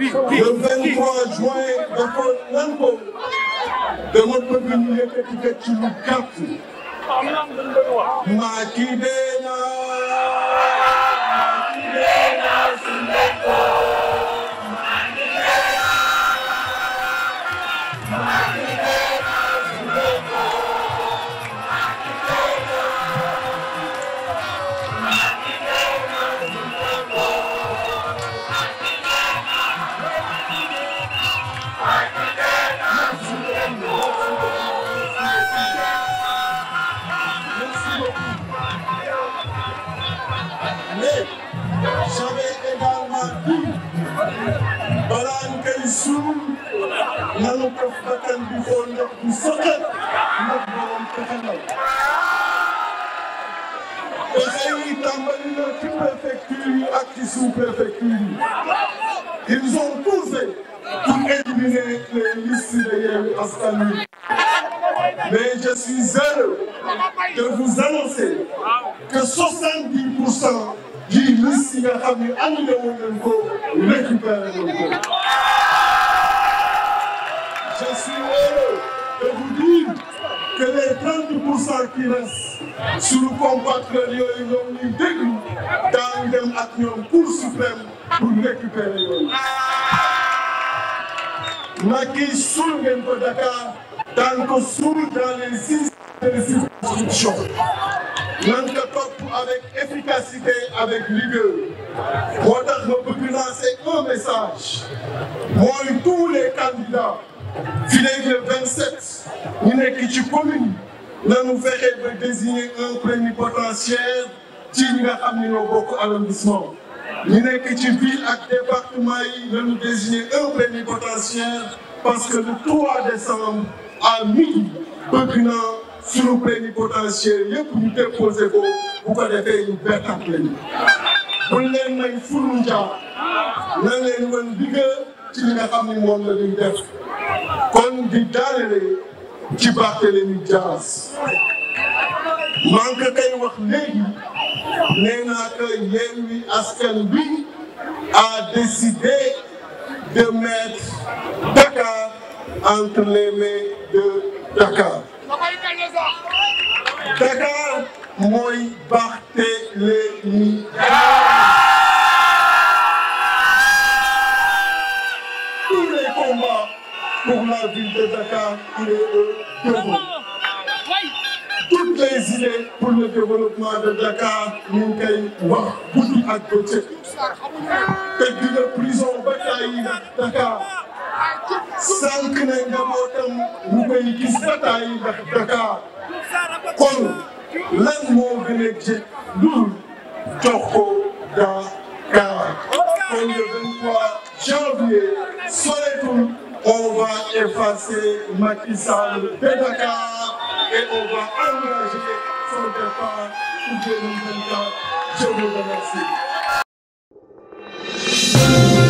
le 23 juin defoon nan ko dama bëgg ñu yëkkati teg ci lu gàtt maa ki dee naa def bakkan bu xool ndox bu sëqët nag borom pexe ndaw. pexe ak ci sous-préfecture yi. ils ont poussé pour éliminer les listes de Yewwi Askan Wi. mais je suis heureux de vous annoncer que 70 pour cent du liste yi nga xam ne annulé woon nañ ko récupéré nañ ko. trente pour cent qui des suñu compatriotes yooyu ñoom ñuy déglu daañu dem ak ñoom Cour suprême pour récupérer yooyu. Macky suul ngeen ko Dakar daan ko suul dans les six les six institutions. nan ko topp avec efficacité avec rigueur. moo tax ma bëgg lancer un message. mooy tous les candidats. fii léegi le 27. ñu nekk ci commune. nanu fexe ba désigner un plénipotentiaire ci ñi nga xam ni ñoo bokk arrondissement ñu nekk ci ville ak département yi nanu désigner un plénipotentiaire parce que le 3 décembre à midi bëgg naa suñu plénipotentiaire yëpp ñu déposé ko bu ko defee ñu bertat lañu bu leen may fulu njaam na leen wan digga ci nga xam ni moom la ñuy def kon di daanele ci Barthélémy Dias man ka wax léegi nee naa que Yewwi Askan Wi a décidé de mettre Dakar entre les mains de Dakar. mooy Barthélémy pour la ville de Dakar, il est debout. Toutes les idées pour le développement de Dakar ñu ngi koy wax guddi ak bëccëg te dina prison ba tàyyi Dakar sànq ne njabootam ñu koy gis ba tàyyi ndax Dakar kon lan moo gën a jëkk dul jox ko Dakar kon le 23 janvier On va effacer Macky Sall de Dakar et on va engager son départ pour 2024.